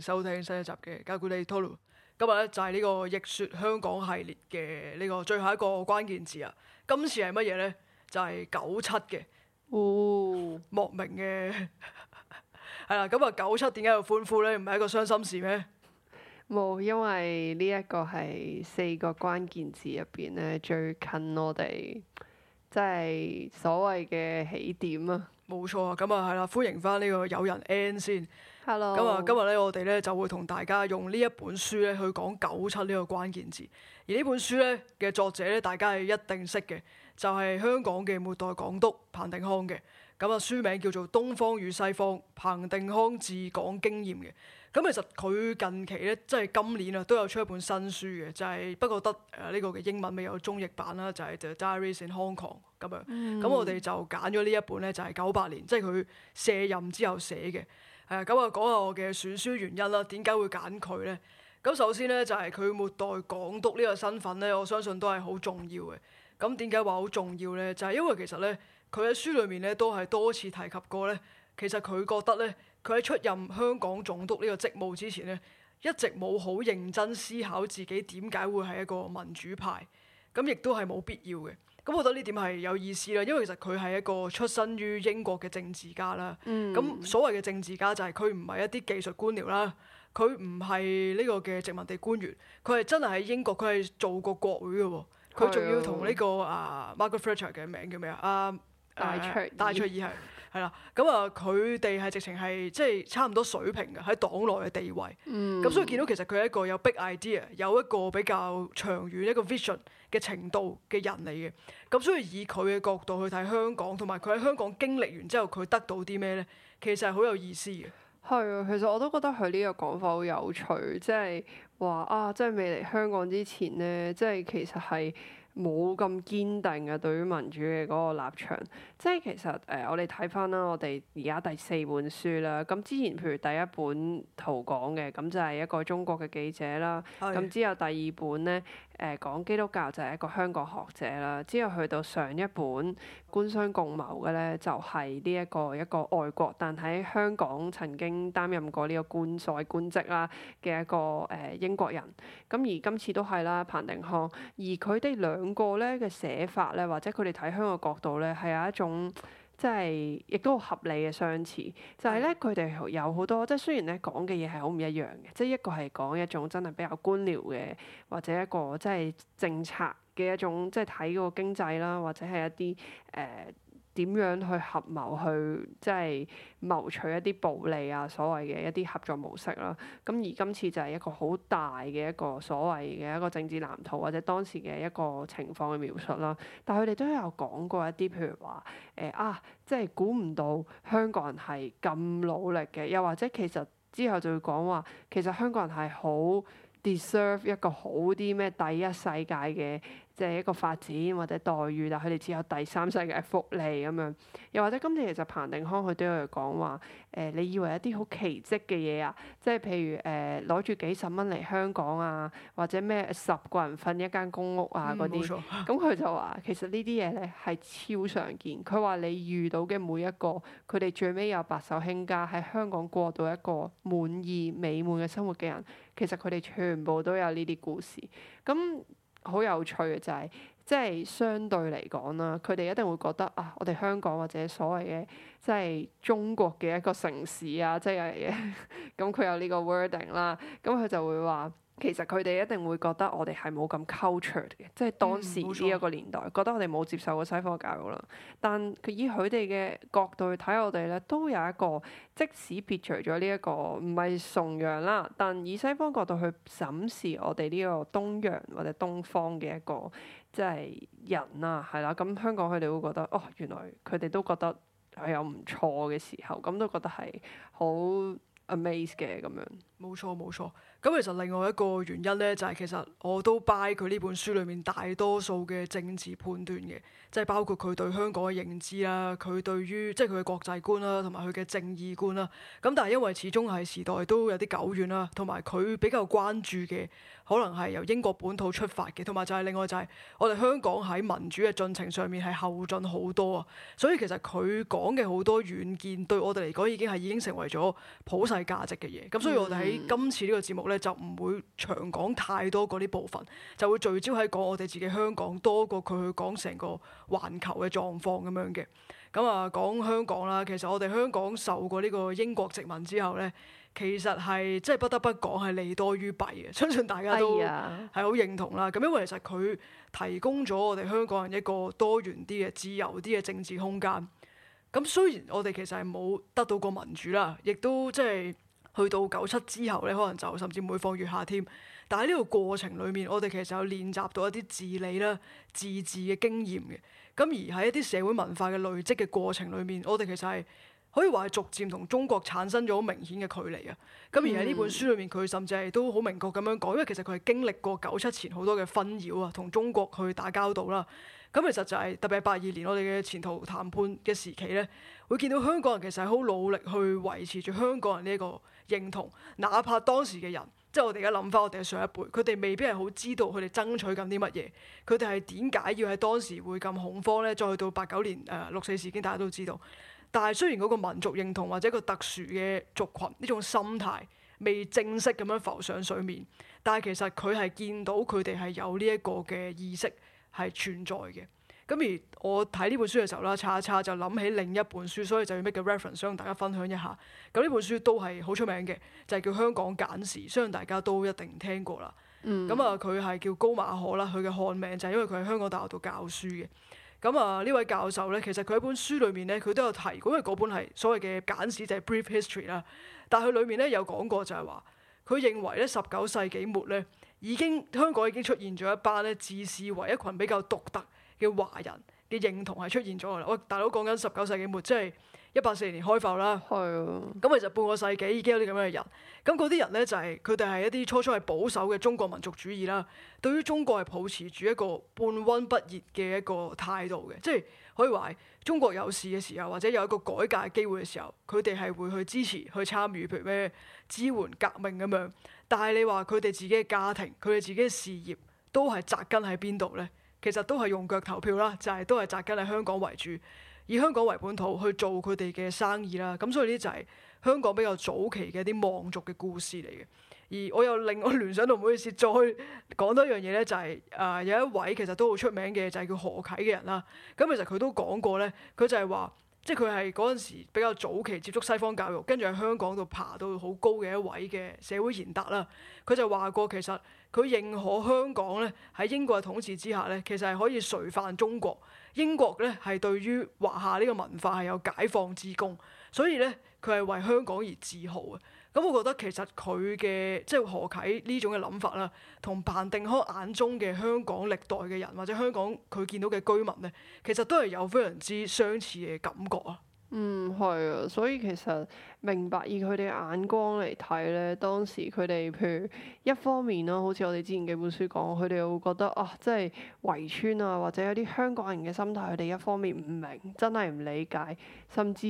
收聽新一集嘅《教管理 t o 今日咧就係呢、這個《逆說香港》系列嘅呢個最後一個關鍵詞啊！今次係乜嘢咧？就係九七嘅，哦， 莫名嘅係啦。咁 啊， 九七點解要歡呼咧？唔係一個傷心事咩？冇，因為呢一個係四個關鍵詞入邊咧，最近我哋即係所謂嘅起點啊，冇錯啊！咁啊，係啦，歡迎翻呢個友人 N 先。咁啊，Hello. 今日咧我哋咧就會同大家用呢一本書咧去講九七呢個關鍵字。而呢本書咧嘅作者咧，大家係一定識嘅，就係、是、香港嘅末代港督彭定康嘅。咁啊，書名叫做《東方與西方：彭定康自港經驗》嘅。咁其實佢近期咧，即係今年啊，都有出一本新書嘅，就係、是、不過得誒呢個嘅英文未有中譯版啦，就係、是、t Diaries in Hong Kong 咁樣。咁、嗯、我哋就揀咗呢一本咧，就係九八年，即係佢卸任之後寫嘅。係咁啊講下我嘅選書原因啦。點解會揀佢咧？咁首先咧就係佢末代港督呢個身份咧，我相信都係好重要嘅。咁點解話好重要咧？就係因為其實咧，佢喺書裏面咧都係多次提及過咧。其實佢覺得咧，佢喺出任香港總督呢個職務之前咧，一直冇好認真思考自己點解會係一個民主派，咁亦都係冇必要嘅。咁我覺得呢點係有意思啦，因為其實佢係一個出身於英國嘅政治家啦。咁、嗯、所謂嘅政治家就係佢唔係一啲技術官僚啦，佢唔係呢個嘅殖民地官員，佢係真係喺英國，佢係做過國會嘅喎。佢仲要同呢、呢個啊 Margaret Thatcher 嘅名叫咩啊？戴卓戴卓爾，係係啦。咁啊，佢哋係直情係即係差唔多水平嘅喺黨內嘅地位。咁、嗯、所以見到其實佢係一個有 big idea，有一個比較長遠一個 vision，嘅程度嘅人嚟嘅，咁所以以佢嘅角度去睇香港，同埋佢喺香港經歷完之後，佢得到啲咩咧？其實係好有意思嘅。係啊，其實我都覺得佢呢個講法好有趣，即係話啊，即係未嚟香港之前咧，即係其實係冇咁堅定嘅對於民主嘅嗰個立場，即係其實誒我哋睇翻啦，我哋而家第四本書啦。咁之前譬如第一本逃港嘅，咁就係一個中國嘅記者啦。咁之後第二本咧。誒講基督教就係一個香港學者啦，之後去到上一本官商共謀嘅咧，就係呢一個一個外國，但喺香港曾經擔任過呢個官賽官職啦嘅一個誒英國人。咁而今次都係啦，彭定康。而佢哋兩個咧嘅寫法咧，或者佢哋睇香港角度咧，係有一種。即係亦都合理嘅相似，就係咧佢哋有好多即係雖然咧講嘅嘢係好唔一樣嘅，即係一個係講一種真係比較官僚嘅，或者一個即係政策嘅一種，即係睇嗰個經濟啦，或者係一啲誒。呃點樣去合謀去即係謀取一啲暴利啊？所謂嘅一啲合作模式啦，咁而今次就係一個好大嘅一個所謂嘅一個政治藍圖，或者當時嘅一個情況嘅描述啦。但係佢哋都有講過一啲，譬如話誒、呃、啊，即係估唔到香港人係咁努力嘅，又或者其實之後就會講話，其實香港人係好 deserve 一個好啲咩第一世界嘅。即係一個發展或者待遇，但佢哋只有第三世界嘅福利咁樣。又或者今次其實彭定康佢都有講話，誒、呃，你以為一啲好奇蹟嘅嘢啊，即係譬如誒攞住幾十蚊嚟香港啊，或者咩十個人瞓一間公屋啊嗰啲，咁佢、嗯、就話其實呢啲嘢咧係超常見。佢話你遇到嘅每一個，佢哋最尾有白手興家喺香港過到一個滿意美滿嘅生活嘅人，其實佢哋全部都有呢啲故事。咁好有趣嘅就係，即係相對嚟講啦，佢哋一定會覺得啊，我哋香港或者所謂嘅即係中國嘅一個城市啊，即係咁佢有呢個 wording 啦，咁佢就會話。其實佢哋一定會覺得我哋係冇咁 culture 嘅，即係當時呢一個年代，嗯、覺得我哋冇接受過西方教育啦。但佢以佢哋嘅角度去睇我哋咧，都有一個即使撇除咗呢一個唔係崇洋啦，但以西方角度去審視我哋呢個東洋或者東方嘅一個即係人啊，係啦。咁香港佢哋會覺得哦，原來佢哋都覺得係有唔錯嘅時候，咁都覺得係好 amaze 嘅咁樣。冇錯，冇錯。咁其實另外一個原因咧，就係其實我都 buy 佢呢本書裏面大多數嘅政治判斷嘅，即係包括佢對香港嘅認知啦，佢對於即係佢嘅國際觀啦，同埋佢嘅正義觀啦。咁但係因為始終係時代都有啲久遠啦，同埋佢比較關注嘅可能係由英國本土出發嘅，同埋就係另外就係我哋香港喺民主嘅進程上面係後進好多啊。所以其實佢講嘅好多遠見對我哋嚟講已經係已經成為咗普世價值嘅嘢。咁所以我哋喺今次呢個節目咧。就唔會長講太多嗰啲部分，就會聚焦喺講我哋自己香港多過佢去講成個環球嘅狀況咁樣嘅。咁啊，講香港啦，其實我哋香港受過呢個英國殖民之後呢，其實係真係不得不講係利多於弊嘅，相信大家都係好、哎、呀認同啦。咁因為其實佢提供咗我哋香港人一個多元啲嘅、自由啲嘅政治空間。咁雖然我哋其實係冇得到過民主啦，亦都即係。就是去到九七之後咧，可能就甚至每況愈下添。但喺呢個過程裏面，我哋其實有練習到一啲治理啦、自治嘅經驗嘅。咁而喺一啲社會文化嘅累積嘅過程裏面，我哋其實係可以話係逐漸同中國產生咗好明顯嘅距離啊。咁而喺呢本書裏面，佢、嗯、甚至係都好明確咁樣講，因為其實佢係經歷過九七前好多嘅紛擾啊，同中國去打交道啦。咁其實就係、是、特別係八二年我哋嘅前途談判嘅時期咧，會見到香港人其實係好努力去維持住香港人呢、這、一個。認同，哪怕當時嘅人，即係我哋而家諗翻，我哋嘅上一輩，佢哋未必係好知道佢哋爭取緊啲乜嘢，佢哋係點解要喺當時會咁恐慌咧？再去到八九年誒六四事件，呃、大家都知道。但係雖然嗰個民族認同或者個特殊嘅族群呢種心態未正式咁樣浮上水面，但係其實佢係見到佢哋係有呢一個嘅意識係存在嘅。咁而我睇呢本書嘅時候啦，差一差就諗起另一本書，所以就要 make 個 reference，想同大家分享一下。咁呢本書都係好出名嘅，就係、是、叫《香港簡史》，相信大家都一定聽過啦。咁啊、嗯，佢係叫高馬可啦，佢嘅漢名就係因為佢喺香港大學度教書嘅。咁啊，呢位教授呢，其實佢喺本書裏面呢，佢都有提過，因為嗰本係所謂嘅《簡史》，就係、是《Brief History》啦。但係佢裏面呢，有講過就係話，佢認為呢，十九世紀末呢，已經香港已經出現咗一班呢，自視為一群比較獨特。嘅華人嘅認同係出現咗啦！喂，大佬講緊十九世紀末，即係一八四年開埠啦。係啊，咁其實半個世紀已經有啲咁樣嘅人。咁嗰啲人咧就係佢哋係一啲初初係保守嘅中國民族主義啦。對於中國係抱持住一個半温不熱嘅一個態度嘅，即係可以話中國有事嘅時候，或者有一個改革嘅機會嘅時候，佢哋係會去支持、去參與，譬如咩支援革命咁樣。但係你話佢哋自己嘅家庭、佢哋自己嘅事業都係紮根喺邊度咧？其實都係用腳投票啦，就係都係扎根喺香港為主，以香港為本土去做佢哋嘅生意啦。咁所以呢就係香港比較早期嘅啲望族嘅故事嚟嘅。而我又令我聯想到唔好意思，再講多一樣嘢呢，就係誒有一位其實都好出名嘅，就係叫何啟嘅人啦。咁其實佢都講過呢，佢就係話，即係佢係嗰陣時比較早期接觸西方教育，跟住喺香港度爬到好高嘅一位嘅社會賢達啦。佢就話過其實。佢認可香港咧喺英國嘅統治之下咧，其實係可以垂範中國。英國咧係對於華夏呢個文化係有解放之功，所以咧佢係為香港而自豪嘅。咁、嗯、我覺得其實佢嘅即係何啟種呢種嘅諗法啦，同彭定康眼中嘅香港歷代嘅人或者香港佢見到嘅居民咧，其實都係有非常之相似嘅感覺啊！嗯，係啊，所以其實明白以佢哋嘅眼光嚟睇咧，當時佢哋譬如一方面啦，好似我哋之前幾本書講，佢哋會覺得啊，即係圍村啊，或者有啲香港人嘅心態，佢哋一方面唔明，真係唔理解，甚至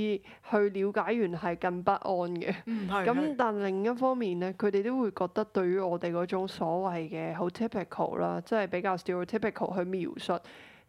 去了解完係更不安嘅。咁、嗯、但另一方面咧，佢哋都會覺得對於我哋嗰種所謂嘅好 typical 啦，即係比較 stereotypical 去描述，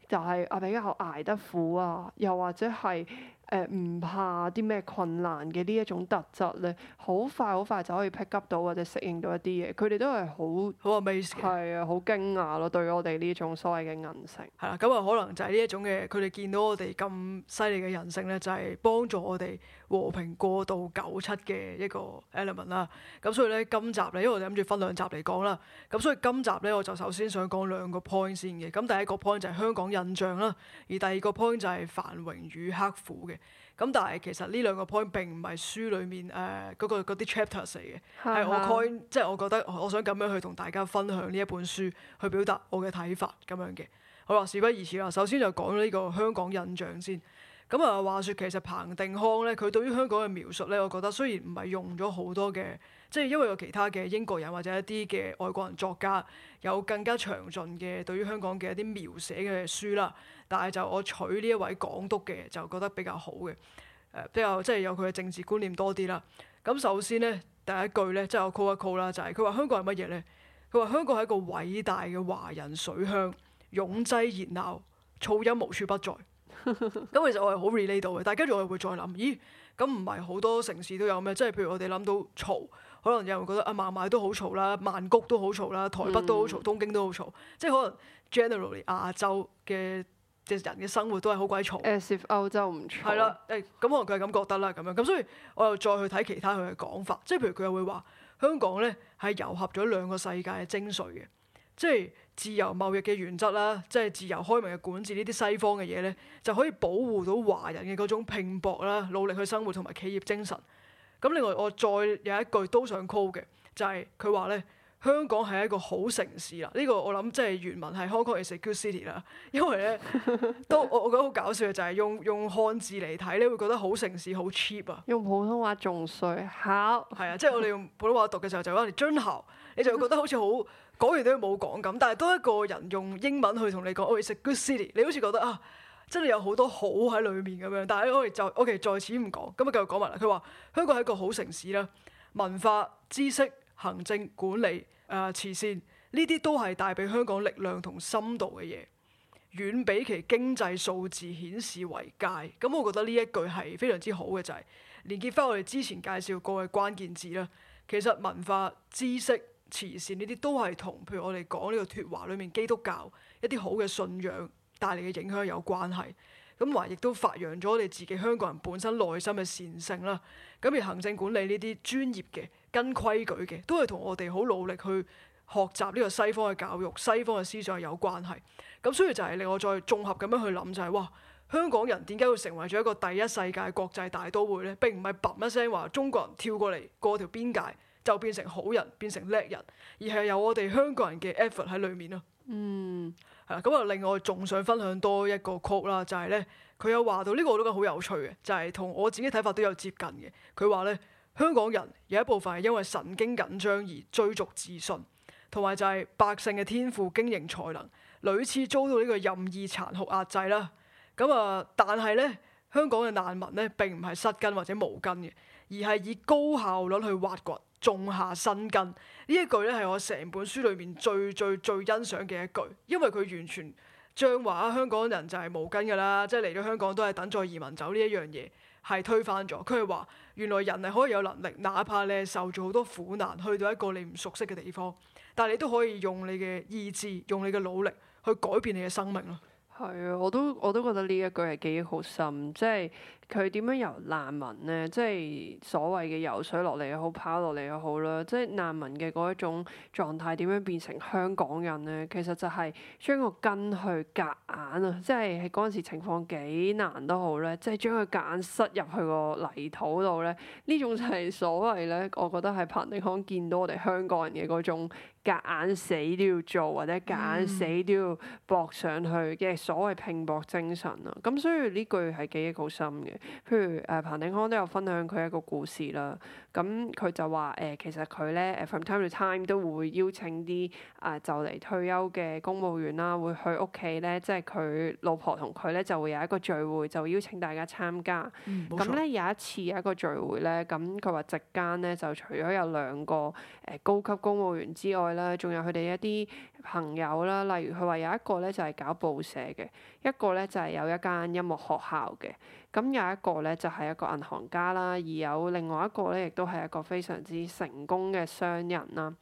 就係、係、啊比較捱得苦啊，又或者係。誒唔怕啲咩困難嘅呢一種特質咧，好快好快就可以 pick up 到或者適應到一啲嘢。佢哋都係好，好 amazing，係啊，好驚訝咯！對於我哋呢種所謂嘅韌性。係啦，咁啊，可能就係呢一種嘅，佢哋見到我哋咁犀利嘅韌性咧，就係、是、幫助我哋和平過渡九七嘅一個 element 啦，咁所以咧今集咧，因為我哋諗住分兩集嚟講啦，咁所以今集咧我就首先想講兩個 point 先嘅，咁第一個 point 就係香港印象啦，而第二個 point 就係繁榮與刻苦嘅，咁但係其實呢兩個 point 並唔係書裡面誒嗰、呃嗰個嗰啲 chapters 嚟嘅，係的我 coin，即係我覺得我想咁樣去同大家分享呢一本書，去表達我嘅睇法咁樣嘅。好啦，事不宜遲啦，首先就講呢個香港印象先。咁啊，話說其實彭定康咧，佢對於香港嘅描述咧，我覺得雖然唔係用咗好多嘅，即係因為有其他嘅英國人或者一啲嘅外國人作家有更加詳盡嘅對於香港嘅一啲描寫嘅書啦，但係就我取呢一位港督嘅就覺得比較好嘅，誒比較即係有佢嘅政治觀念多啲啦。咁首先咧第一句咧，即係我 call 一 call 啦，就係佢話香港係乜嘢咧？佢話香港係一個偉大嘅華人水鄉，擁擠熱鬧，噪音無處不在。咁 其實我係好 relate 到嘅，但係跟住我又會再諗，咦？咁唔係好多城市都有咩？即係譬如我哋諗到嘈，可能有人會覺得啊孟買都，曼谷都好嘈啦，曼谷都好嘈啦，台北都好嘈，東京都好嘈，即係可能 generally 亞洲嘅嘅人嘅生活都係好鬼嘈。As if 歐洲唔嘈。係啦，誒、欸，咁可能佢係咁覺得啦，咁樣咁，所以我又再去睇其他佢嘅講法，即係譬如佢又會話香港咧係糅合咗兩個世界嘅精髓嘅，即係，自由貿易嘅原則啦，即係自由開明嘅管治呢啲西方嘅嘢咧，就可以保護到華人嘅嗰種拼搏啦、努力去生活同埋企業精神。咁另外我再有一句都想 call 嘅，就係佢話咧，香港係一個好城市啦。呢、這個我諗即係原文係 Hong Kong is a good city 啦。因為咧 都我我覺得好搞笑嘅就係、是、用用漢字嚟睇咧，會覺得好城市好 cheap 啊。用普通話仲衰。好。係 啊，即、就、係、是、我哋用普通話讀嘅時候就話你津豪，你就會覺得好似好。 講完都冇講咁，但係當一個人用英文去同你講，It's a good city，你好似覺得啊，真係有好多好喺裏面咁樣。但係我哋就 OK，在此唔講。咁啊，繼續講埋啦。佢話香港係一個好城市啦，文化、知識、行政管理、誒、呃、慈善呢啲都係帶俾香港力量同深度嘅嘢，遠比其經濟數字顯示為佳。咁我覺得呢一句係非常之好嘅，就係、是、連結翻我哋之前介紹過嘅關鍵字啦。其實文化、知識、慈善呢啲都係同，譬如我哋講呢個脫華裏面基督教一啲好嘅信仰帶嚟嘅影響有關係。咁話亦都發揚咗我哋自己香港人本身內心嘅善性啦。咁而行政管理呢啲專業嘅、跟規矩嘅，都係同我哋好努力去學習呢個西方嘅教育、西方嘅思想有關係。咁所以就係令我再綜合咁樣去諗就係、是，哇！香港人點解會成為咗一個第一世界國際大都會呢？並唔係嘣一聲話中國人跳過嚟過條邊界，就變成好人，變成叻人，而係由我哋香港人嘅 effort 喺裏面咯。嗯，係啦。咁啊，另外仲想分享多一個曲啦，就係咧，佢有話到呢個我都覺得好有趣嘅，就係同我自己睇法都有接近嘅。佢話咧，香港人有一部分係因為神經緊張而追逐自信，同埋就係百姓嘅天賦經營才能，屢次遭到呢個任意殘酷壓制啦。咁啊，但係咧，香港嘅難民咧並唔係失根或者無根嘅，而係以高效率去挖掘，種下新根呢一句咧，係我成本書裏面最最最，最欣賞嘅一句，因為佢完全將話香港人就係冇根噶啦，即係嚟咗香港都係等在移民走呢一樣嘢係推翻咗。佢係話原來人係可以有能力，哪怕你受咗好多苦難，去到一個你唔熟悉嘅地方，但係你都可以用你嘅意志，用你嘅努力去改變你嘅生命咯。係啊，我都我都覺得呢一句係幾好心，即係。佢點樣由難民咧？即係所謂嘅游水落嚟又好，跑落嚟又好啦。即係難民嘅嗰一種狀態點樣變成香港人咧？其實就係將個根去夾硬啊！即係喺嗰陣時情況幾難都好咧，即係將佢夾硬塞入去個泥土度咧。呢種就係所謂咧，我覺得係彭定康見到我哋香港人嘅嗰種。隔硬死都要做，或者隔硬死都要搏上去嘅所謂拼搏精神啊。咁所以呢句係記憶好深嘅。譬如誒，彭定康都有分享佢一個故事啦。咁佢就話誒、呃，其實佢咧誒，from time to time 都會邀請啲啊、呃、就嚟退休嘅公務員啦，會去屋企咧，即係佢老婆同佢咧就會有一個聚會，就會邀請大家參加。咁咧有一次有一個聚會咧，咁佢話席間咧就除咗有兩個誒、呃、高級公務員之外啦，仲有佢哋一啲朋友啦，例如佢話有一個咧就係搞報社嘅，一個咧就係有一間音樂學校嘅，咁有一個咧就係一個銀行家啦，而有另外一個咧亦都係一個非常之成功嘅商人啦。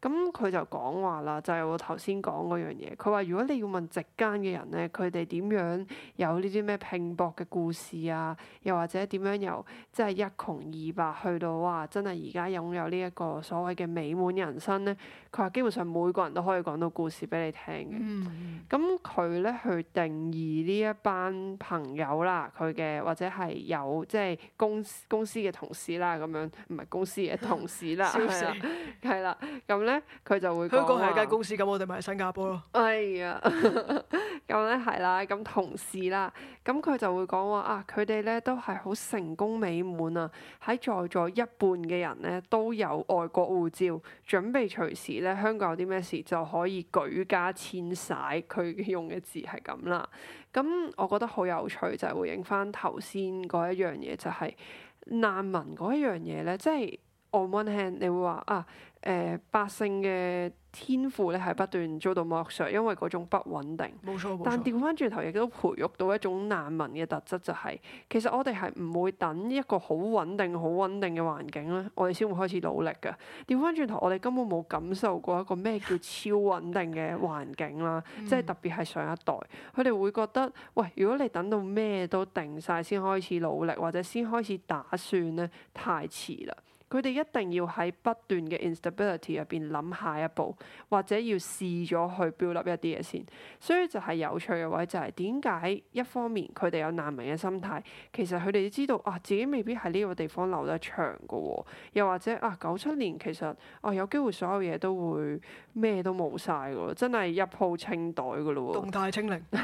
咁佢就講話啦，就係我頭先講嗰樣嘢。佢 話樂：嗯「如果你要問席間嘅人咧，佢哋點樣有呢啲咩拼搏嘅故事啊？又或者點樣由即係一窮二白去到哇，真係而家擁有呢一個所謂嘅美滿人生咧？佢話：「基本上每個人都可以講到故事俾你聽嘅。咁佢咧去定義呢一班朋友啦，佢嘅或者係有即係公公司嘅同事啦，咁樣唔係公司嘅同事啦，係啦，係啦，咁咧。佢就會香港係一間公司咁，啊、我哋咪喺新加坡咯 。哎呀，咁咧係啦，咁同事啦，咁佢就會講話啊，佢哋咧都係好成功美滿啊，喺在，在座一半嘅人咧都有外國護照，準備隨時咧香港有啲咩事就可以舉家遷徙。佢用嘅字係咁啦。咁我覺得好有趣就係回應翻頭先嗰一樣嘢，就係、是、難民嗰一樣嘢咧，即、就、係、是、on one hand，你會話啊。誒、呃、百姓嘅天賦咧，係不斷遭到剝削，因為嗰種不穩定。冇錯，冇錯。但調翻轉頭，亦都培育到一種難民嘅特質，就係，就係其實我哋係唔會等一個好穩定、好穩定嘅環境咧，我哋先會開始努力㗎。調翻轉頭，我哋根本冇感受過一個咩叫超穩定嘅環境啦， 即係特別係上一代，佢哋會覺得，喂，如果你等到咩都定晒先開始努力，或者先開始打算咧，太遲啦。佢哋一定要喺不斷嘅 instability 入邊諗下一步，或者要試咗去 build up 一啲嘢先。所以就係有趣嘅話，就係點解一方面佢哋有難民嘅心態，其實佢哋知道啊，自己未必喺呢個地方留得長㗎喎。又或者啊，九七年其實啊，有機會所有嘢都會咩都冇晒㗎咯，真係一鋪清袋㗎咯。動態清零。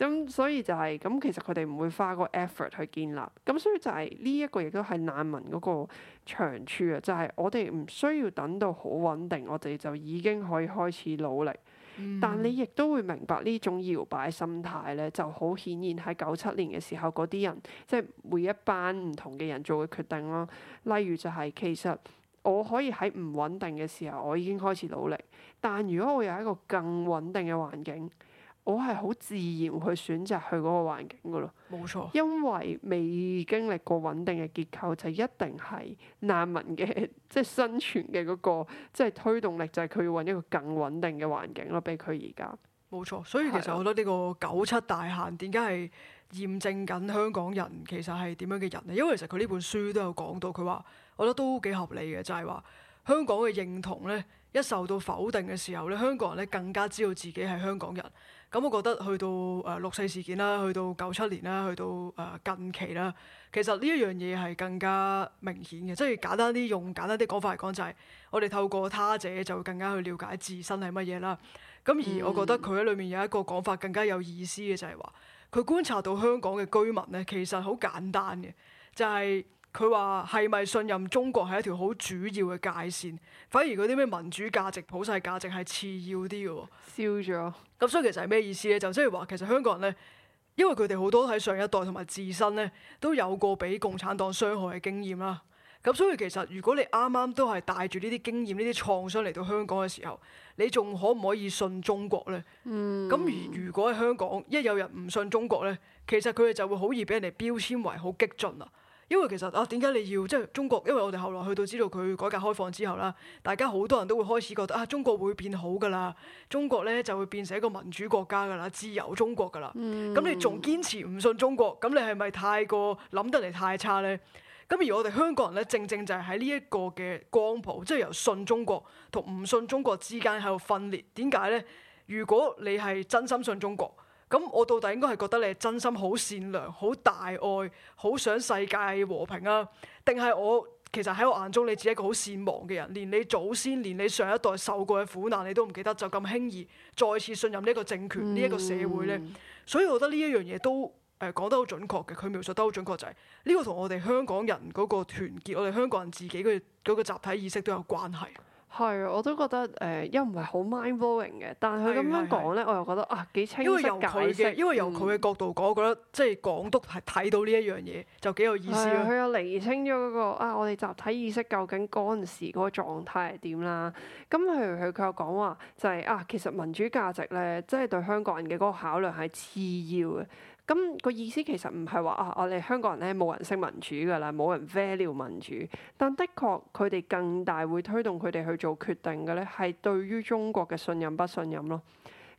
咁、嗯、所以就係、是、咁，其實佢哋唔會花個 effort 去建立。咁所以就係呢一個亦都係難民嗰個長處啊！就係、是、我哋唔需要等到好穩定，我哋就已經可以開始努力。嗯、但你亦都會明白呢種搖擺心態咧，就好顯然喺九七年嘅時候嗰啲人，即、就、係、是、每一班唔同嘅人做嘅決定咯。例如就係、是、其實我可以喺唔穩定嘅時候，我已經開始努力。但如果我有一個更穩定嘅環境，我係好自然去選擇去嗰個環境噶咯，冇錯。因為未經歷過穩定嘅結構，就一定係難民嘅，即係生存嘅嗰個，即係推動力就係佢要揾一個更穩定嘅環境咯，俾佢而家。冇錯，所以其實我覺得呢個九七大限點解係驗證緊香港人其實係點樣嘅人呢？因為其實佢呢本書都有講到，佢話我覺得都幾合理嘅，就係話香港嘅認同呢，一受到否定嘅時候呢，香港人呢更加知道自己係香港人。咁我覺得去到誒、呃、六四事件啦，去到九七年啦，去到誒、呃、近期啦，其實呢一樣嘢係更加明顯嘅，即係簡單啲用簡單啲講法嚟講，就係我哋透過他者就會更加去了解自身係乜嘢啦。咁而我覺得佢喺裡面有一個講法更加有意思嘅，就係話佢觀察到香港嘅居民咧，其實好簡單嘅，就係、是。佢話係咪信任中國係一條好主要嘅界線，反而嗰啲咩民主價值、普世價值係次要啲嘅喎。笑咗了。咁所以其實係咩意思咧？就即係話其實香港人咧，因為佢哋好多喺上一代同埋自身咧都有過俾共產黨傷害嘅經驗啦。咁所以其實如果你啱啱都係帶住呢啲經驗、呢啲創傷嚟到香港嘅時候，你仲可唔可以信中國咧？嗯。咁如果喺香港一有人唔信中國咧，其實佢哋就會好易俾人哋標籤為好激進啊。因為其實啊，點解你要即係中國？因為我哋後來去到知道佢改革開放之後啦，大家好多人都會開始覺得啊，中國會變好㗎啦，中國咧就會變成一個民主國家㗎啦，自由中國㗎啦。咁，嗯，你仲堅持唔信中國，咁你係咪太過諗得嚟太差咧？咁而我哋香港人咧，正正就係喺呢一個嘅光譜，即係由信中國同唔信中國之間喺度分裂。點解咧？如果你係真心信中國，咁我到底應該係覺得你係真心好善良、好大愛、好想世界和平啊？定係我其實喺我眼中你自己一個好善忘嘅人，連你祖先、連你上一代受過嘅苦難你都唔記得，就咁輕易再次信任呢一個政權、呢一、嗯、個社會呢？所以我覺得呢一樣嘢都誒講、呃、得好準確嘅，佢描述得好準確就係、是、呢、呢個同我哋香港人嗰個團結，我哋香港人自己嘅嗰、嗰個集體意識都有關係。係啊，我都覺得誒又唔係好 mind blowing 嘅，但佢咁樣講咧，我又覺得啊幾清晰解釋。因為由佢嘅角度講，我覺得即係港督係睇到呢一樣嘢，就幾有意思。佢又釐清咗嗰個啊，我哋集體意識究竟嗰陣時嗰個狀態係點啦？咁佢佢佢又講話就係啊，其實民主價值咧，即係對香港人嘅嗰個考量係次要嘅。咁個意思其實唔係話啊，我哋香港人咧冇人識民主噶啦，冇人 value 民主。但的確，佢哋更大會推動佢哋去做決定嘅咧，係對於中國嘅信任不信任咯。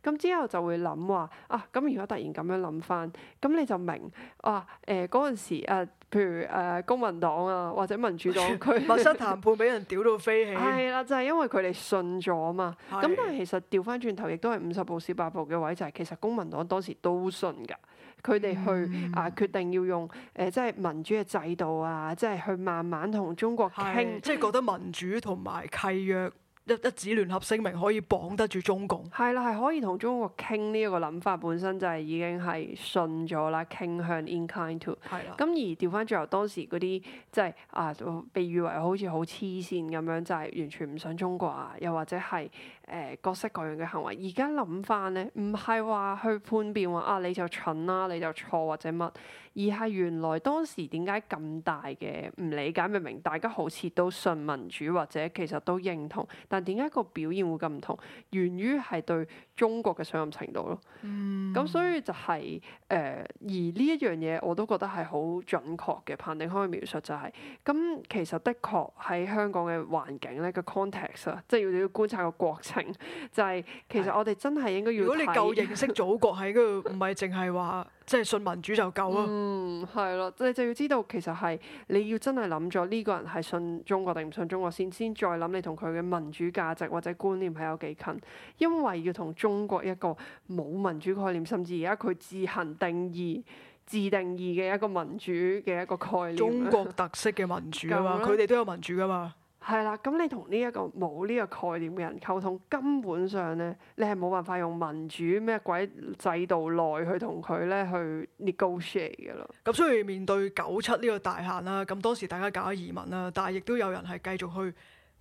咁之後就會諗話啊，咁如果突然咁樣諗翻，咁你就明哇，誒嗰陣時譬如誒、呃、公民黨啊，或者民主黨，佢 密室談判俾人屌到飛起。係啦，就係、是、因為佢哋信咗啊嘛。咁的但係其實調翻轉頭，亦都係五十步笑百步嘅位，就係、是、其實公民黨當時都信㗎，佢哋去、嗯、啊決定要用誒即係民主嘅制度啊，即、就、係、是、去慢慢同中國傾，即係、就是、覺得民主同埋契約。一一紙聯合聲明可以綁得住中共，係啦，係可以同中國傾呢一個諗法，本身就係已經係信咗啦，傾向 incline to 係啊，咁而調翻轉頭，當時嗰啲即係啊，被譽為好似好黐線咁樣，就係、是、完全唔想中國啊，又或者係。誒、呃、各式各樣嘅行為，而家諗翻咧，唔係話去判別，話啊你就蠢啦，你就錯或者乜，而係原來當時點解咁大嘅唔理解？明明，大家好似都信民主或者其實都認同，但點解個表現會咁唔同？源於係對中國嘅信任程度咯。咁、嗯、所以就係、是、誒、呃、而呢一樣嘢我都覺得係好準確嘅，彭定康嘅描述就係、是、咁其實的確喺香港嘅環境咧嘅 context 啊，即係要你要觀察個國情。就係、是、其實我哋真係應該要如果你夠認識祖國，喺嗰度唔係淨係話即係信民主就夠咯。嗯，係咯，你就要知道其實係你要真係諗咗呢個人係信中國定唔信中國先，先再諗你同佢嘅民主價值或者觀念係有幾近。因為要同中國一個冇民主概念，甚至而家佢自行定義、自定義嘅一個民主嘅一個概念。中國特色嘅民主啊嘛，佢哋 的啦 都有民主噶嘛。係啦，咁你同呢一個冇呢個概念嘅人溝通，根本上咧，你係冇辦法用民主咩鬼制度內去同佢咧去 negotiate 嘅咯。咁所以面對九七呢個大限啦，咁當時大家搞移民啦，但係亦都有人係繼續去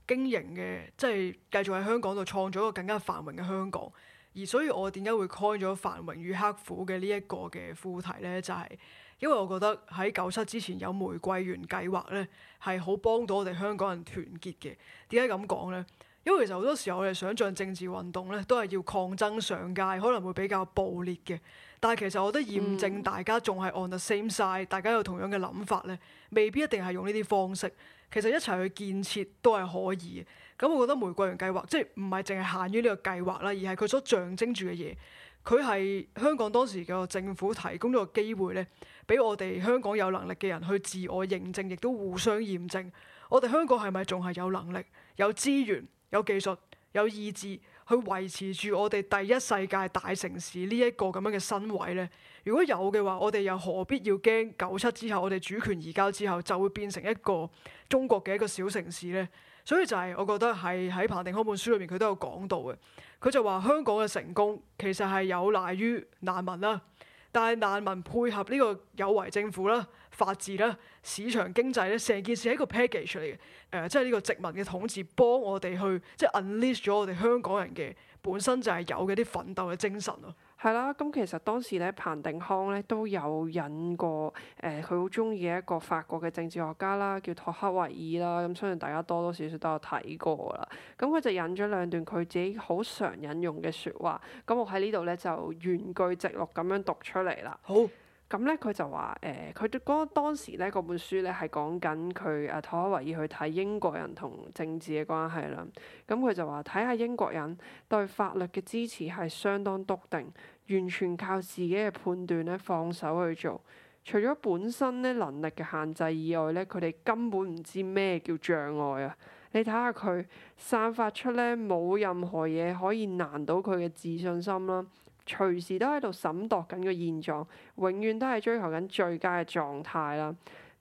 經營嘅，即係繼續喺香港度創造一個更加繁榮嘅香港。而所以我，我點解會開咗繁榮與刻苦嘅呢一個嘅副題咧，就係。因為我覺得喺九七之前有玫瑰園計劃咧，係好幫到我哋香港人團結嘅。點解咁講咧？因為其實好多時候我哋想象政治運動咧，都係要抗爭上街，可能會比較暴烈嘅。但係其實我覺得驗證大家仲係 on the same side，大家有同樣嘅諗法咧，未必一定係用呢啲方式。其實一齊去建設都係可以嘅。咁我覺得玫瑰園計劃即係唔係淨係限於呢個計劃啦，而係佢所象徵住嘅嘢。佢係香港當時嘅政府提供咗個機會咧，俾我哋香港有能力嘅人去自我認證，亦都互相驗證。我哋香港係咪仲係有能力、有資源、有技術、有意志去維持住我哋第一世界大城市呢一個咁樣嘅身位咧？如果有嘅話，我哋又何必要驚九七之後，我哋主權移交之後就會變成一個中國嘅一個小城市咧？所以就係我覺得係喺彭定康本書裏面佢都有講到嘅，佢就話香港嘅成功其實係有賴於難民啦，但係難民配合呢個有為政府啦、法治啦、市場經濟咧，成件事係一個 package 嚟嘅。誒、呃，即係呢個殖民嘅統治幫我哋去即係、就是、unleash 咗我哋香港人嘅本身就係有嘅啲奮鬥嘅精神咯。係啦，咁其實當時咧，彭定康咧都有引過誒，佢好中意嘅一個法國嘅政治學家啦，叫托克維爾啦，咁相信大家多多少少都有睇過啦。咁佢就引咗兩段佢自己好常引用嘅説話，咁我喺呢度咧就原句直落咁樣讀出嚟啦。好。咁咧佢就話誒，佢嗰、呃、當時咧嗰本書咧係講緊佢阿托克維爾去睇英國人同政治嘅關係啦。咁佢就話睇下英國人對法律嘅支持係相當篤定，完全靠自己嘅判斷咧放手去做。除咗本身咧能力嘅限制以外咧，佢哋根本唔知咩叫障礙啊！你睇下佢散發出咧冇任何嘢可以難倒佢嘅自信心啦。隨時都喺度審度緊個現狀，永遠都係追求緊最佳嘅狀態啦。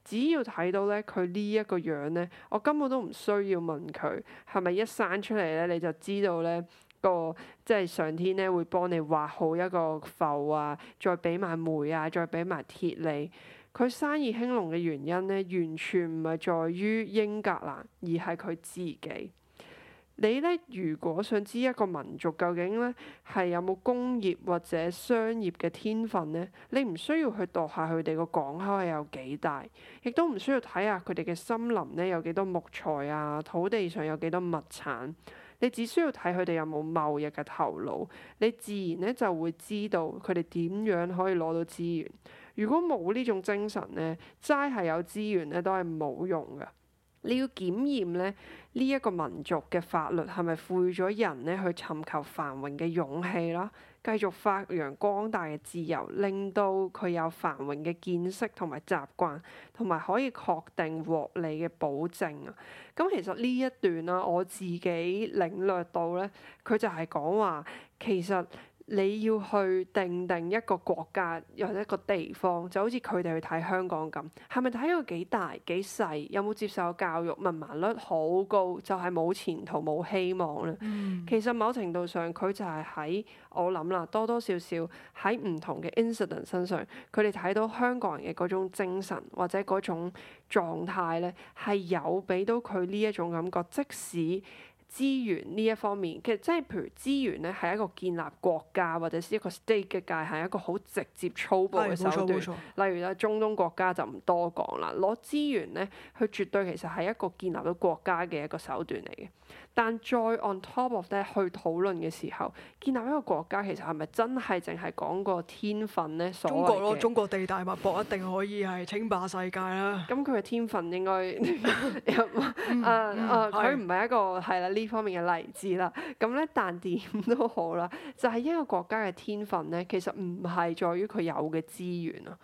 只要睇到咧，佢呢一個樣咧，我根本都唔需要問佢係咪一生出嚟咧，你就知道咧、那個即係、就是、上天咧會幫你畫好一個埠啊，再俾埋煤啊，再俾埋鐵你，佢生意興隆嘅原因咧，完全唔係在於英格蘭，而係佢自己。你咧，如果想知一個民族究竟咧係有冇工業或者商業嘅天分咧，你唔需要去度下佢哋個港口係有幾大，亦都唔需要睇下佢哋嘅森林咧有幾多木材啊，土地上有幾多物產，你只需要睇佢哋有冇貿易嘅頭腦，你自然咧就會知道佢哋點樣可以攞到資源。如果冇呢種精神咧，齋係有資源咧都係冇用㗎。你要檢驗咧，呢一個民族嘅法律係咪賦予咗人咧去尋求繁榮嘅勇氣啦，繼續發揚光大嘅自由，令到佢有繁榮嘅見識同埋習慣，同埋可以確定獲利嘅保證啊！咁其實呢一段啦，我自己領略到咧，佢就係講話其實。你要去定定一個國家或者一個地方，就好似佢哋去睇香港咁，係咪睇個幾大幾細，有冇接受教育，文盲率好高，就係、是、冇前途冇希望啦。嗯、其實某程度上，佢就係喺我諗啦，多多少少喺唔同嘅 incident 身上，佢哋睇到香港人嘅嗰種精神或者嗰種狀態咧，係有俾到佢呢一種感覺，即使。資源呢一方面，其實即係譬如資源咧，係一個建立國家或者是一個 state 嘅界限，係一個好直接粗暴嘅手段。係，冇錯冇錯。例如咧，中東國家就唔多講啦，攞資源咧，佢絕對其實係一個建立到國家嘅一個手段嚟嘅。但再 on top of 咧去討論嘅時候，建立一個國家其實係咪真係淨係講個天分咧？中國咯，中國地大物博，一定可以係稱霸世界啦。咁佢嘅天分應該，啊、嗯、啊，佢唔係一個係啦呢方面嘅例子啦。咁咧，但點都好啦，就係、是、一個國家嘅天分咧，其實唔係在於佢有嘅資源啊。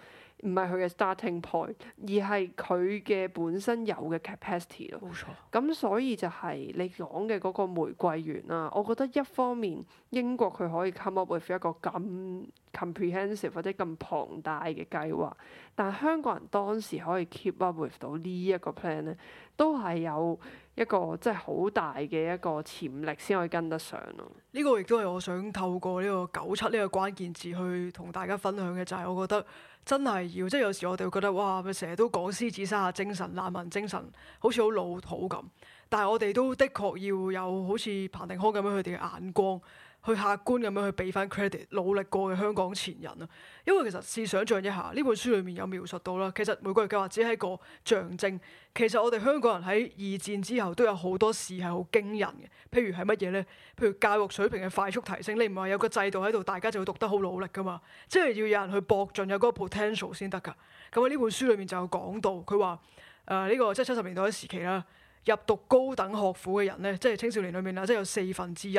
唔係佢嘅 starting point，而係佢嘅本身有嘅 capacity 咯。冇錯。咁所以就係你講嘅嗰個玫瑰園啊，我覺得一方面。英國佢可以 come up with 一個咁 comprehensive 或者咁龐大嘅計劃，但香港人當時可以 keep up with 到呢一個 plan 咧，都係有一個即係好大嘅一個潛力先可以跟得上咯。呢個亦都係我想透過呢個九七呢個關鍵字去同大家分享嘅，就係、是、我覺得真係要即係、就是、有時我哋會覺得哇，佢成日都講獅子山下精神、難民精神，好似好老土咁。但係我哋都的確要有好似彭定康咁樣佢哋嘅眼光。去客觀咁樣去俾翻 credit 努力過嘅香港前人啊，因為其實試想像一下，呢本書裏面有描述到啦，其實每個月計劃只係一個象徵。其實我哋香港人喺二戰之後都有好多事係好驚人嘅，譬如係乜嘢呢？譬如教育水平嘅快速提升，你唔係話有個制度喺度，大家就會讀得好努力噶嘛？即係要有人去搏盡有嗰個 potential 先得噶。咁喺呢本書裏面就有講到，佢話誒呢個即係七十年代嘅時期啦，入讀高等學府嘅人呢，即係青少年裏面啦，即係有四分之一。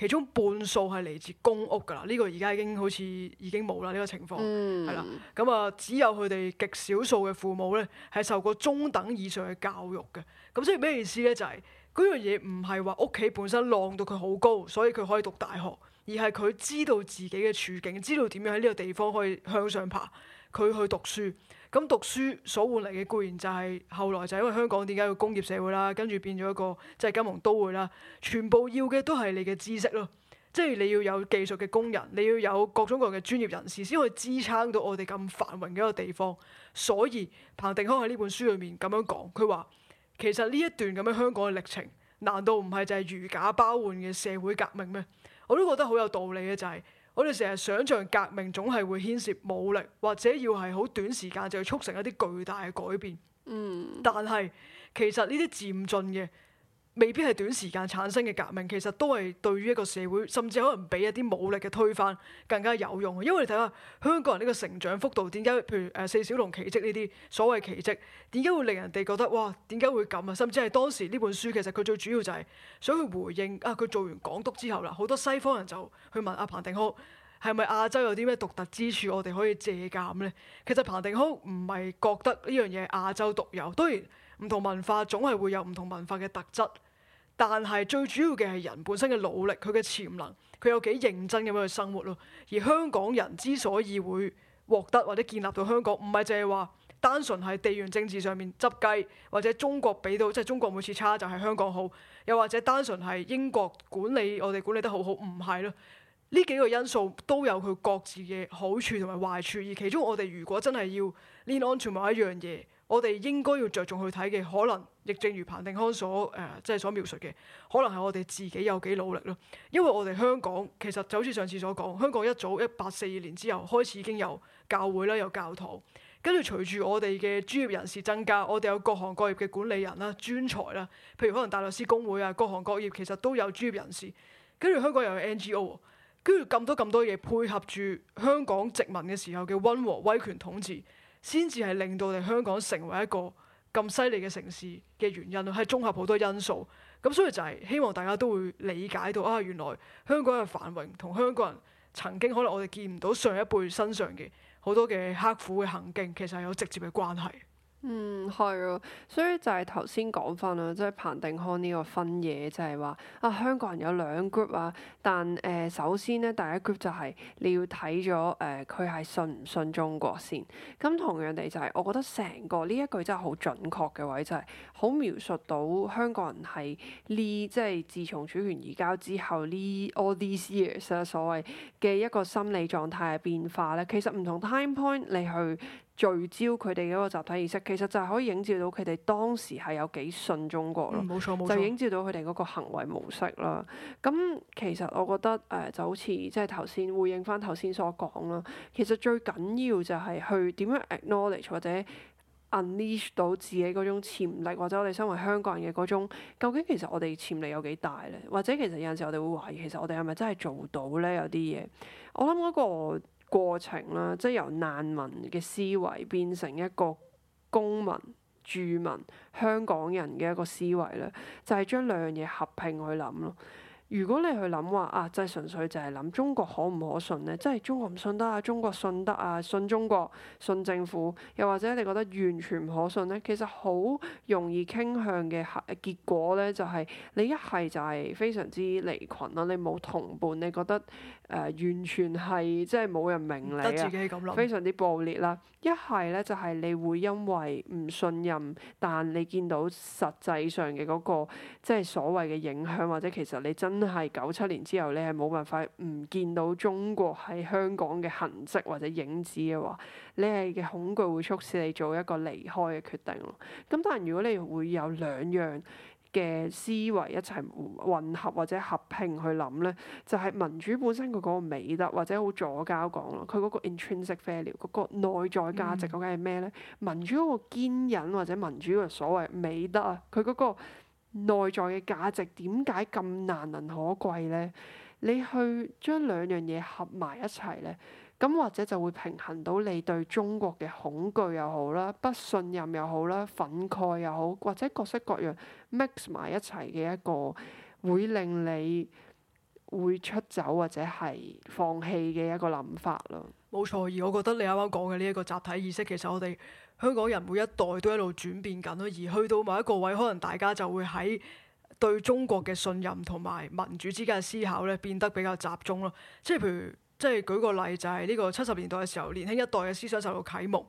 其中半數係嚟自公屋㗎啦，呢、這個而家已經好似已經冇啦呢個情況，係啦、嗯。咁啊，只有佢哋極少數嘅父母呢，係受過中等以上嘅教育嘅。咁所以咩意思呢？就係嗰樣嘢唔係話屋企本身浪到佢好高，所以佢可以讀大學，而係佢知道自己嘅處境，知道點樣喺呢個地方可以向上爬，佢去讀書。咁讀書所換嚟嘅，固然就係後來就因為香港點解要工業社會啦，跟住變咗一個即係金融都會啦，全部要嘅都係你嘅知識咯，即係你要有技術嘅工人，你要有各種各樣嘅專業人士先可以支撐到我哋咁繁榮嘅一個地方。所以彭定康喺呢本書裏面咁樣講，佢話其實呢一段咁樣香港嘅歷程，難道唔係就係如假包換嘅社會革命咩？我都覺得好有道理嘅就係……。我哋成日想象革命總係會牽涉武力，或者要係好短時間就要促成一啲巨大嘅改變。嗯，但係其實呢啲漸進嘅。未必係短時間產生嘅革命，其實都係對於一個社會，甚至可能比一啲武力嘅推翻更加有用。因為你睇下香港人呢個成長幅度，點解？譬如誒《四小龍奇蹟》呢啲所謂奇蹟，點解會令人哋覺得哇？點解會咁啊？甚至係當時呢本書其實佢最主要就係想去回應啊！佢做完港督之後啦，好多西方人就去問阿、啊、彭定康，係咪亞洲有啲咩獨特之處，我哋可以借鑑咧？其實彭定康唔係覺得呢樣嘢亞洲獨有，當然。唔同文化總係會有唔同文化嘅特質，但係最主要嘅係人本身嘅努力，佢嘅潛能，佢有幾認真咁樣去生活咯。而香港人之所以會獲得或者建立到香港，唔係淨係話單純係地緣政治上面執雞，或者中國俾到即係中國每次差就係、是、香港好，又或者單純係英國管理我哋管理得好好，唔係咯。呢幾個因素都有佢各自嘅好處同埋壞處，而其中我哋如果真係要 lean on 某一樣嘢。我哋應該要着重去睇嘅，可能亦正如彭定康所誒即係所描述嘅，可能係我哋自己有幾努力咯。因為我哋香港其實就好似上次所講，香港一早一八四二年之後開始已經有教會啦，有教堂，跟住隨住我哋嘅專業人士增加，我哋有各行各業嘅管理人啦、專才啦，譬如可能大律師公會啊，各行各業其實都有專業人士。跟住香港又有 NGO，跟住咁多咁多嘢配合住香港殖民嘅時候嘅溫和威權統治。先至係令到我哋香港成為一個咁犀利嘅城市嘅原因咯，係綜合好多因素。咁所以就係希望大家都會理解到啊，原來香港嘅繁榮同香港人曾經可能我哋見唔到上一輩身上嘅好多嘅刻苦嘅行徑，其實係有直接嘅關係。嗯，係啊，所以就係頭先講翻啦，即係彭定康呢個分野就係話啊，香港人有兩 group 啊，但誒首先咧，第一 group 就係你要睇咗誒佢係信唔信中國先。咁同樣地就係，我覺得成個呢一句真係好準確嘅位，就係好描述到香港人係呢，即係自從主權移交之後呢 all these years 啊所謂嘅一個心理狀態嘅變化咧。其實唔同 time point 你去。聚焦佢哋嗰個集體意識，其實就係可以影照到佢哋當時係有幾信中國咯。嗯，冇錯，冇錯。就影照到佢哋嗰個行為模式啦。咁其實我覺得誒、呃、就好似即係頭先回應翻頭先所講啦。其實最緊要就係去點樣 acknowledge 或者 unleash 到自己嗰種潛力，或者我哋身為香港人嘅嗰種究竟其實我哋潛力有幾大咧？或者其實有陣時我哋會懷疑，其實我哋係咪真係做到咧有啲嘢？我諗嗰個。過程啦，即係由難民嘅思維變成一個公民、住民、香港人嘅一個思維啦，就係、是、將兩樣嘢合併去諗咯。如果你去諗話啊，即係純粹就係諗中國可唔可信咧？即係中國唔信得啊，中國信得啊，信中國、信政府，又或者你覺得完全唔可信咧？其實好容易傾向嘅結果咧，就係你一係就係非常之離群啦，你冇同伴，你覺得誒、呃、完全係即係冇人明你啊，自己非常之暴烈啦。一係咧就係你會因為唔信任，但你見到實際上嘅嗰、嗰個即係所謂嘅影響，或者其實你真係九七年之後，你係冇辦法唔見到中國喺香港嘅痕跡或者影子嘅話，你係嘅恐懼會促使你做一個離開嘅決定咯。咁但係，如果你會有兩樣嘅思維一齊混合或者合併去諗咧，就係、是、民主本身佢嗰個美德或者好左膠講咯，佢嗰個 intrinsic value 嗰個內在價值，究竟係咩咧？民主嗰個堅忍或者民主嘅所謂美德啊，佢嗰、嗰個。內在嘅價值點解咁難能可貴呢？你去將兩樣嘢合埋一齊呢，咁或者就會平衡到你對中國嘅恐懼又好啦，不信任又好啦，憤慨又好，或者各式各樣 mix 埋一齊嘅一個會令你會出走或者係放棄嘅一個諗法咯。冇錯，而我覺得你啱啱講嘅呢一個集體意識，其實我哋。香港人每一代都一路轉變緊咯，而去到某一個位，可能大家就會喺對中國嘅信任同埋民主之間嘅思考咧，變得比較集中咯。即係譬如，即係舉個例，就係呢個七十年代嘅時候，年輕一代嘅思想受到啟蒙。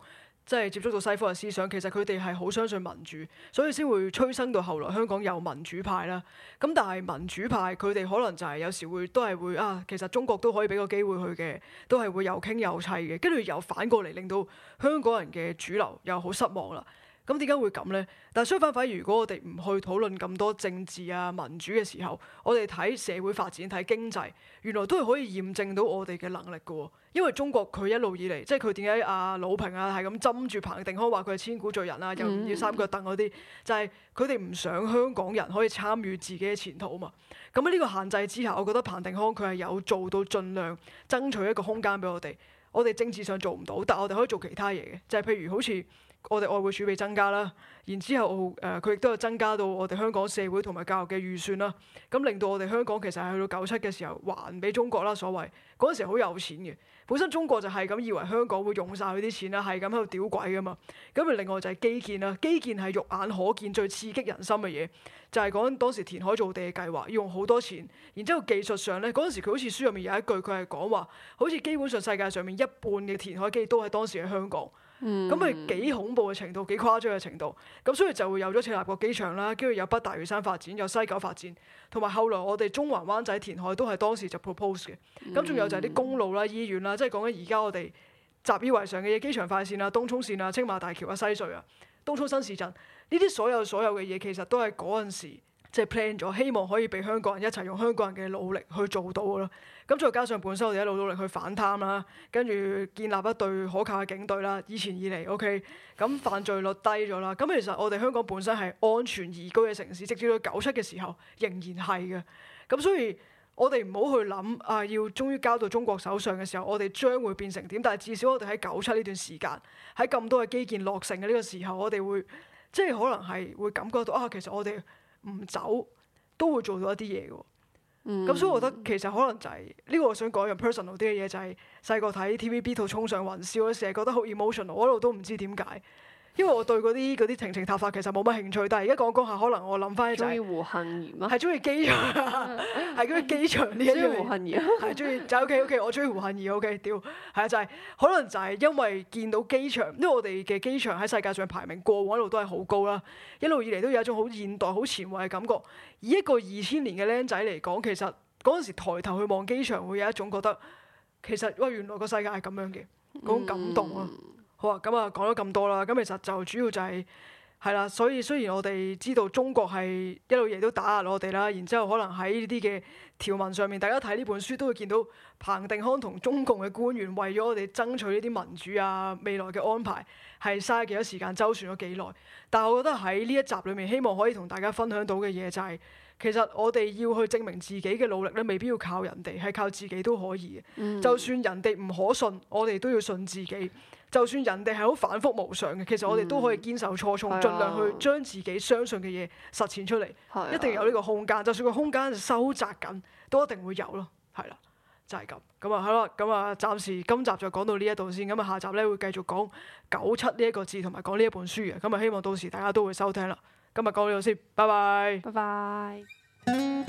即係接觸到西方嘅思想，其實佢哋係好相信民主，所以先會催生到後來香港有民主派啦。咁但係民主派佢哋可能就係有時會都係會啊，其實中國都可以俾個機會佢嘅，都係會又傾又砌嘅，跟住又反過嚟令到香港人嘅主流又好失望啦。咁點解會咁呢？但相反反而如果我哋唔去討論咁多政治啊民主嘅時候，我哋睇社會發展睇經濟，原來都係可以驗證到我哋嘅能力嘅喎、哦。因為中國佢一路以嚟，即係佢點解阿魯平啊係咁針住彭定康話佢係千古罪人啊，又要三腳凳嗰啲，就係佢哋唔想香港人可以參與自己嘅前途嘛。咁喺呢個限制之下，我覺得彭定康佢係有做到盡量爭取一個空間俾我哋。我哋政治上做唔到，但係我哋可以做其他嘢嘅，就係、是、譬如好似。我哋外匯儲備增加啦，然之後我誒佢亦都有增加到我哋香港社會同埋教育嘅預算啦，咁令到我哋香港其實係去到九七嘅時候還俾中國啦，所謂嗰陣時好有錢嘅。本身中國就係咁以為香港會用晒佢啲錢啦，係咁喺度屌鬼噶嘛，咁另外就係基建啦，基建係肉眼可見最刺激人心嘅嘢，就係講當時填海造地嘅計劃要用好多錢，然之後技術上咧嗰陣時佢好似書入面有一句佢係講話，好似基本上世界上面一半嘅填海機都係當時嘅香港。咁咪、嗯、幾恐怖嘅程度，幾誇張嘅程度，咁所以就會有咗赤鱲角機場啦，跟住有北大嶼山發展，有西九發展，同埋後來我哋中環灣仔填海都係當時就 propose 嘅，咁仲有就係啲公路啦、醫院啦，即係講緊而家我哋習以為常嘅嘢，機場快線啦、啊、東涌線啦、啊、青馬大橋啊、西隧啊、東涌新市鎮，呢啲所有所有嘅嘢其實都係嗰陣時。即係 plan 咗，希望可以俾香港人一齊用香港人嘅努力去做到咯。咁再加上本身我哋一路努力去反貪啦，跟住建立一隊可靠嘅警隊啦。以前以嚟，OK，咁犯罪率低咗啦。咁其實我哋香港本身係安全宜居嘅城市，直至到九七嘅時候仍然係嘅。咁所以我哋唔好去諗啊，要終於交到中國手上嘅時候，我哋將會變成點？但係至少我哋喺九七呢段時間，喺咁多嘅基建落成嘅呢個時候，我哋會即係可能係會感覺到啊，其實我哋。唔走都會做到一啲嘢嘅，咁、嗯、所以我覺得其實可能就係呢個我想講個 personal 啲嘅嘢，就係細個睇 TVB 套《沖上雲霄》，成日覺得好 emotional，我一路都唔知點解。因為我對嗰啲嗰啲情情塔塔其實冇乜興趣，但係而家講講下，可能我諗翻一陣。鍾意胡杏兒嗎？係鍾意機場，係嗰啲機場呢一樣。中、哎、意胡杏兒。係鍾意就 OK OK，我鍾意胡杏兒 OK。屌係啊，就係、是、可能就係因為見到機場，因為我哋嘅機場喺世界上排名過往一路都係好高啦，一路以嚟都有一種好現代、好前衞嘅感覺。以一個二千年嘅僆仔嚟講，其實嗰陣時抬頭去望機場，會有一種覺得其實喂，原來個世界係咁樣嘅嗰種感動啊。 好啊，咁啊，講咗咁多啦，咁其實就主要就係係啦，所以雖然我哋知道中國係一路嘢都打壓我哋啦，然之後可能喺呢啲嘅條文上面，大家睇呢本書都會見到彭定康同中共嘅官員為咗我哋爭取呢啲民主啊未來嘅安排，係嘥幾多時間周旋咗幾耐。但係我覺得喺呢一集裏面，希望可以同大家分享到嘅嘢就係、是，其實我哋要去證明自己嘅努力咧，未必要靠人哋，係靠自己都可以嘅。嗯，就算人哋唔可信，我哋都要信自己。就算人哋係好反覆無常嘅，其實我哋都可以堅守初衷，嗯、盡量去將自己相信嘅嘢實踐出嚟。嗯、一定有呢個空間，嗯、就算個空間收窄緊，都一定會有咯。係啦，就係、是、咁。咁啊，好啦，咁啊，暫時今集就講到呢一度先。咁啊，下集咧會繼續講九七呢一個字同埋講呢一本書嘅。咁啊，希望到時大家都會收聽啦。今日講到呢度先，拜拜，拜拜。